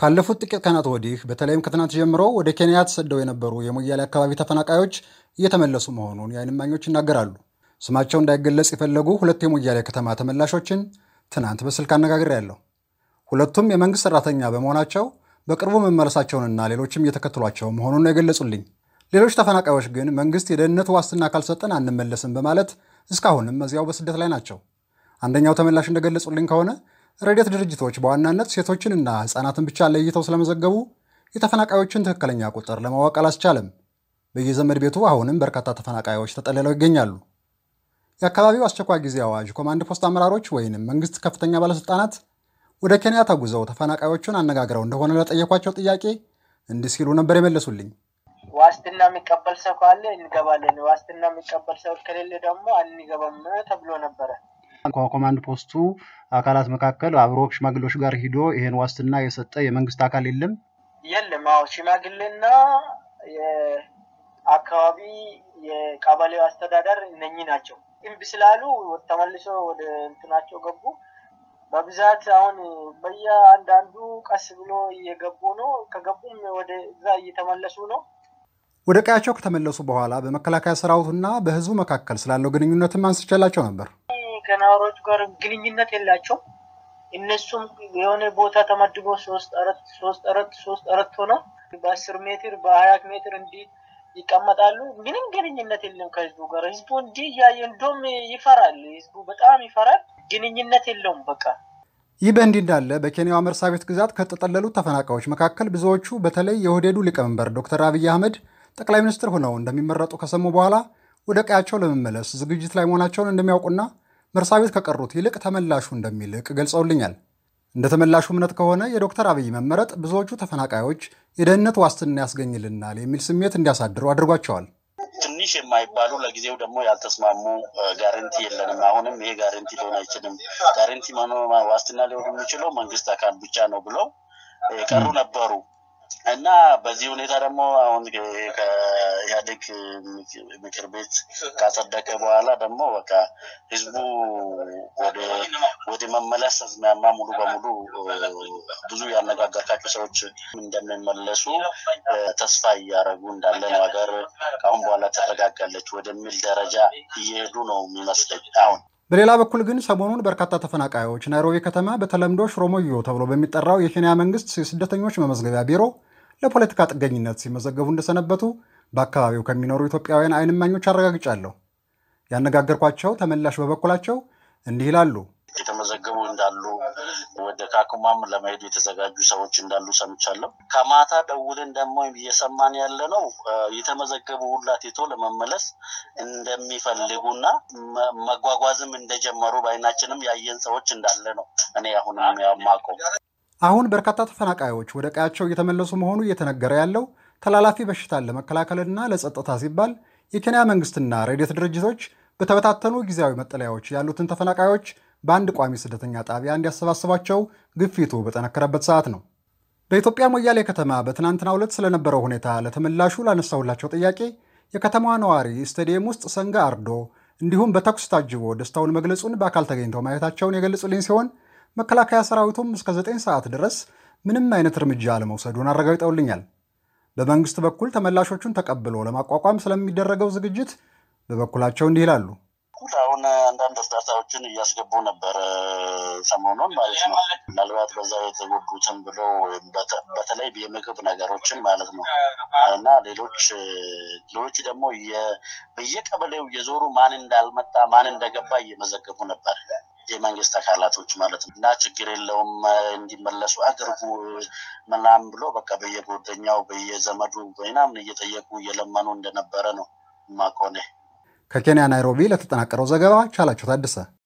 ካለፉት ጥቂት ቀናት ወዲህ በተለይም ከትናንት ጀምሮ ወደ ኬንያ ተሰደው የነበሩ የሞያሌ አካባቢ ተፈናቃዮች እየተመለሱ መሆኑን የዓይን እማኞች ይናገራሉ። ስማቸው እንዳይገለጽ የፈለጉ ሁለት የሞያሌ ከተማ ተመላሾችን ትናንት በስልክ አነጋግሬያለሁ። ሁለቱም የመንግሥት ሠራተኛ በመሆናቸው በቅርቡ መመለሳቸውንና ሌሎችም እየተከትሏቸው መሆኑን ነው የገለጹልኝ። ሌሎች ተፈናቃዮች ግን መንግሥት የደህንነት ዋስትና ካልሰጠን አንመለስም በማለት እስካሁንም እዚያው በስደት ላይ ናቸው። አንደኛው ተመላሽ እንደገለጹልኝ ከሆነ ረዴት ድርጅቶች በዋናነት ሴቶችንና ህፃናትን ብቻ ለይተው ስለመዘገቡ የተፈናቃዮችን ትክክለኛ ቁጥር ለማወቅ አላስቻለም። በየዘመድ ቤቱ አሁንም በርካታ ተፈናቃዮች ተጠልለው ይገኛሉ። የአካባቢው አስቸኳይ ጊዜ አዋጅ ኮማንድ ፖስት አመራሮች ወይንም መንግስት ከፍተኛ ባለስልጣናት ወደ ኬንያ ተጉዘው ተፈናቃዮቹን አነጋግረው እንደሆነ ለጠየኳቸው ጥያቄ እንዲህ ሲሉ ነበር የመለሱልኝ። ዋስትና የሚቀበል ሰው ካለ እንገባለን፣ ዋስትና የሚቀበል ሰው ከሌለ ደግሞ አንገባም ተብሎ ነበረ። ከኮማንድ ፖስቱ አካላት መካከል አብሮ ሽማግሌዎች ጋር ሂዶ ይሄን ዋስትና የሰጠ የመንግስት አካል የለም የለም። አዎ ሽማግሌና የአካባቢ የቀበሌው አስተዳደር እነኚህ ናቸው። እምቢ ስላሉ ተመልሶ ወደ እንትናቸው ገቡ። በብዛት አሁን በየ አንዳንዱ ቀስ ብሎ እየገቡ ነው። ከገቡም ወደ እዛ እየተመለሱ ነው። ወደ ቀያቸው ከተመለሱ በኋላ በመከላከያ ሰራዊቱና በህዝቡ መካከል ስላለው ግንኙነትም አንስቼላቸው ነበር። ከነዋሪዎች ጋር ግንኙነት የላቸውም። እነሱም የሆነ ቦታ ተመድቦ ሶስት አራት ሶስት አራት ሶስት አራት ሆነው በአስር ሜትር በሀያ ሜትር እንዲህ ይቀመጣሉ። ምንም ግንኙነት የለም ከህዝቡ ጋር። ህዝቡ እንዲህ እያየ እንደውም ይፈራል። ህዝቡ በጣም ይፈራል። ግንኙነት የለውም በቃ። ይህ በእንዲህ እንዳለ በኬንያዋ መርሳቤት ግዛት ከተጠለሉ ተፈናቃዮች መካከል ብዙዎቹ በተለይ የወደዱ ሊቀመንበር ዶክተር አብይ አህመድ ጠቅላይ ሚኒስትር ሆነው እንደሚመረጡ ከሰሙ በኋላ ወደ ቀያቸው ለመመለስ ዝግጅት ላይ መሆናቸውን እንደሚያውቁና መርሳ ቤት ከቀሩት ይልቅ ተመላሹ እንደሚልቅ ገልጸውልኛል። እንደ ተመላሹ እምነት ከሆነ የዶክተር አብይ መመረጥ ብዙዎቹ ተፈናቃዮች የደህንነት ዋስትና ያስገኝልናል የሚል ስሜት እንዲያሳድሩ አድርጓቸዋል። ትንሽ የማይባሉ ለጊዜው ደግሞ ያልተስማሙ ጋረንቲ የለንም፣ አሁንም ይሄ ጋረንቲ ሊሆን አይችልም፣ ጋረንቲ ዋስትና ሊሆን የሚችለው መንግስት አካል ብቻ ነው ብለው የቀሩ ነበሩ። እና በዚህ ሁኔታ ደግሞ አሁን ከኢህአዴግ ምክር ቤት ካጸደቀ በኋላ ደግሞ በቃ ህዝቡ ወደ መመለስ አዝማሚያ ሙሉ በሙሉ ብዙ ያነጋገርካቸው ሰዎች እንደሚመለሱ ተስፋ እያደረጉ እንዳለ ነው። ሀገር ከአሁን በኋላ ተረጋጋለች ወደሚል ደረጃ እየሄዱ ነው የሚመስለኝ አሁን። በሌላ በኩል ግን ሰሞኑን በርካታ ተፈናቃዮች ናይሮቢ ከተማ በተለምዶ ሽሮሞዮ ተብሎ በሚጠራው የኬንያ መንግስት የስደተኞች መመዝገቢያ ቢሮ ለፖለቲካ ጥገኝነት ሲመዘገቡ እንደሰነበቱ በአካባቢው ከሚኖሩ ኢትዮጵያውያን አይን እማኞች አረጋግጫለሁ። ያነጋገርኳቸው ተመላሽ በበኩላቸው እንዲህ ይላሉ። የተመዘገቡ እንዳሉ ወደ ካኩማም ለመሄዱ የተዘጋጁ ሰዎች እንዳሉ ሰምቻለሁ። ከማታ ደውልን ደግሞ እየሰማን ያለ ነው የተመዘገቡ ሁላ ቴቶ ለመመለስ እንደሚፈልጉና መጓጓዝም እንደጀመሩ በአይናችንም ያየን ሰዎች እንዳለ ነው እኔ አሁንም የማውቀው። አሁን በርካታ ተፈናቃዮች ወደ ቀያቸው እየተመለሱ መሆኑ እየተነገረ ያለው ተላላፊ በሽታን ለመከላከልና ለጸጥታ ሲባል የኬንያ መንግስትና ረድኤት ድርጅቶች በተበታተኑ ጊዜያዊ መጠለያዎች ያሉትን ተፈናቃዮች በአንድ ቋሚ ስደተኛ ጣቢያ እንዲያሰባስባቸው ግፊቱ በጠነከረበት ሰዓት ነው። በኢትዮጵያ ሞያሌ ከተማ በትናንትናው ዕለት ስለነበረው ሁኔታ ለተመላሹ ላነሳሁላቸው ጥያቄ የከተማዋ ነዋሪ ስታዲየም ውስጥ ሰንጋ አርዶ እንዲሁም በተኩስ ታጅቦ ደስታውን መግለጹን በአካል ተገኝተው ማየታቸውን የገለጹልኝ ሲሆን መከላከያ ሰራዊቱም እስከ 9 ሰዓት ድረስ ምንም አይነት እርምጃ አለመውሰዱን አረጋግጠውልኛል። በመንግስት በኩል ተመላሾቹን ተቀብሎ ለማቋቋም ስለሚደረገው ዝግጅት በበኩላቸው እንዲህ ይላሉ። አሁን አንዳንድ እርዳታዎችን እያስገቡ ነበር፣ ሰሞኑን ማለት ነው። ምናልባት በዛ የተጎዱትን ብሎ በተለይ የምግብ ነገሮችን ማለት ነው እና ሌሎች ሌሎች ደግሞ በየቀበሌው የዞሩ ማን እንዳልመጣ ማን እንደገባ እየመዘገቡ ነበር። የመንግስት አካላቶች ማለት ነው እና ችግር የለውም እንዲመለሱ አድርጉ ምናምን ብሎ በቃ በየጎደኛው በየዘመዱ ምናምን እየጠየቁ እየለመኑ እንደነበረ ነው ማቆኔ ከኬንያ ናይሮቢ ለተጠናቀረው ዘገባ ቻላቸው ታደሰ